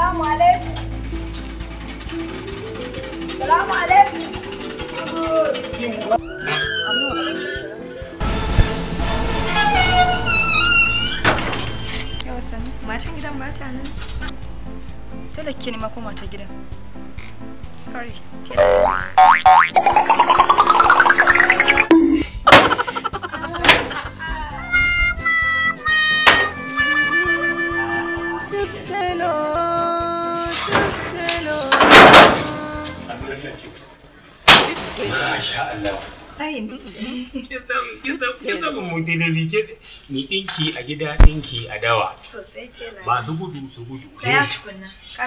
Salamu alaikum. Salamu alaikum. Matan gidan ba nan. Talakki ne ta gidan. Sorry. lallace. Masha Allah. ni a gida a dawa.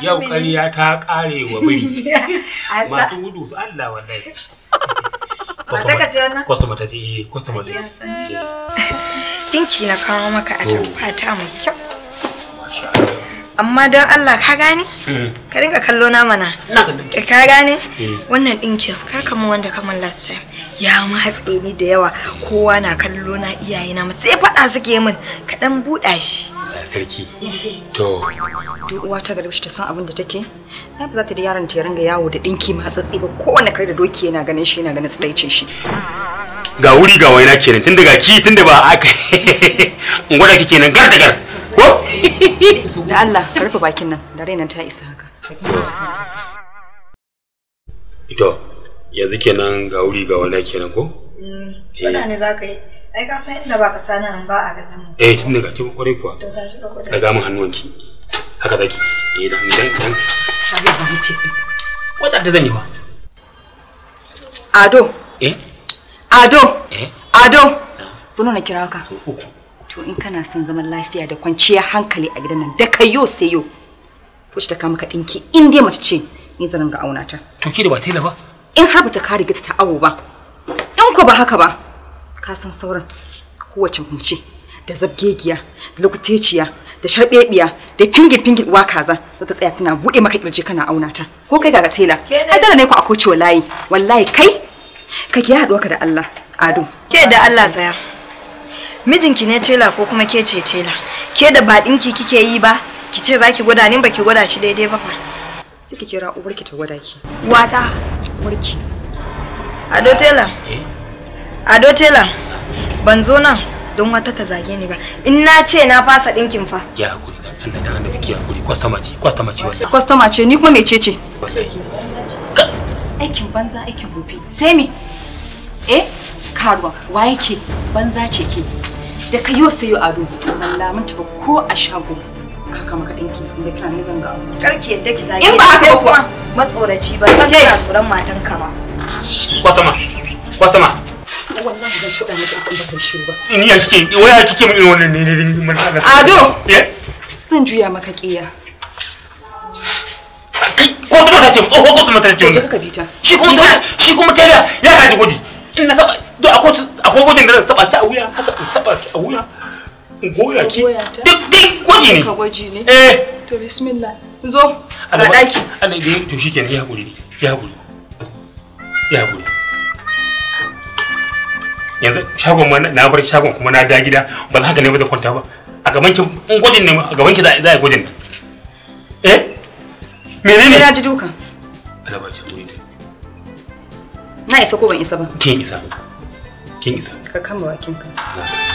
Yau ta ƙare wa biri. Masu gudu su Allah wallahi. wannan? Kwastoma ta ce kwastoma ta ce. Dinki na kawo maka a fata mai kyau. amma don Allah ka gane hmm. ka dinga kallo na mana eh, ka gane hmm. wannan ɗinkin karka mu wanda kamar last time ya matse ni da yawa kowa na kallo na iyaye na sai faɗa suke min ka dan buɗa shi sarki to duk uwa ta garbi ta san abin da take ai ba za ta da yaron ta ringa yawo da ma tsatsi ba kowane kar da doki yana ganin shi yana ganin tsiraicin shi ga wuri ga waina kenan tun daga ki tun ba aka in gwada kike nan gar da gar ko Da Allah ka rufe bakin nan da rainan ta isa haka. Ito yanzu kenan ga wuri ga wani kenan ko? Kana mm, ne zaka yi. Ai ka san inda baka sani an ba a ganin mu. Eh tun daga kin kwarai kuwa. To tashi ka kwada. Daga mun hannuwan ki Haka zaki. Eh dan dan dan. Abi ba ni ce. Ko da zan yi ba. Ado. Eh? Ado. Eh? Ado. Ah. Sunan na kira ka. Uku. to in kana son zaman lafiya da kwanciya hankali a gidan nan da kayo sai yo wacce ta kama ka dinki in dai mace ce ni zan ga auna ta to ki da ba tela ba in har ta kare gita ta awo ba in ko ba haka ba ka san sauran kowace mace da zabgegiya da lokuteciya da sharbebiya da fingi fingi uwa kaza za ta tsaya tana bude maka kirje kana auna ta ko kai ga tela ai dala ne ku akoci wallahi wallahi kai ka ki haɗuwa ka da Allah ado ke da Allah tsaya mijinki ne tela ko kuma ke ce tela ke da ba ɗinki kike yi ba ki ce za ki gwada ni ba ki gwada shi daidai ba sai ki kira uwarki ta gwada ki wata uwarki ado tela eh? ado tela ban zo nan don wata ta zage ni ba in na ce na fasa ɗinkin fa ya hakuri Allah da ki hakuri kwastama ce kwastama ce wannan kwastama ce ni kuma mai ce aikin banza aikin gobe sai mi eh karuwa waye ke banza ce ke da ka yi wasu yi a ado wallahi mun taba ko a shago haka maka dinki inda kina ne zanga abu karki yadda ki zage in ba haka ba kuma matsoraci ba san kana tsoron matan ka ba kwatama kwatama wallahi zan shuɗa miki akan kai shi ba ni ya kike waya kike min wannan ne ne mun ado eh? zan juya maka kiya ko ta mata ce ko ko ta mata ce shi kuma shi kuma ta ya ka ji gudi in na saba to akwai gwajin da zan saba ki a wuya haka in saba ki a wuya in goya ki duk duk gwaji ne ka gwaji ne eh to bismillah zo a daki ana idan to shikenan ya hakuri ya hakuri ya hakuri yanzu shagon ma na bar shagon kuma na da gida ba za ka ne ba zan kwanta ba a gaban ki in gwajin ne a gaban ki za a yi gwajin nan eh menene ina ji dukan ana ba ki hakuri na isa ko ban isa ba kin isa kin isa ka kama ka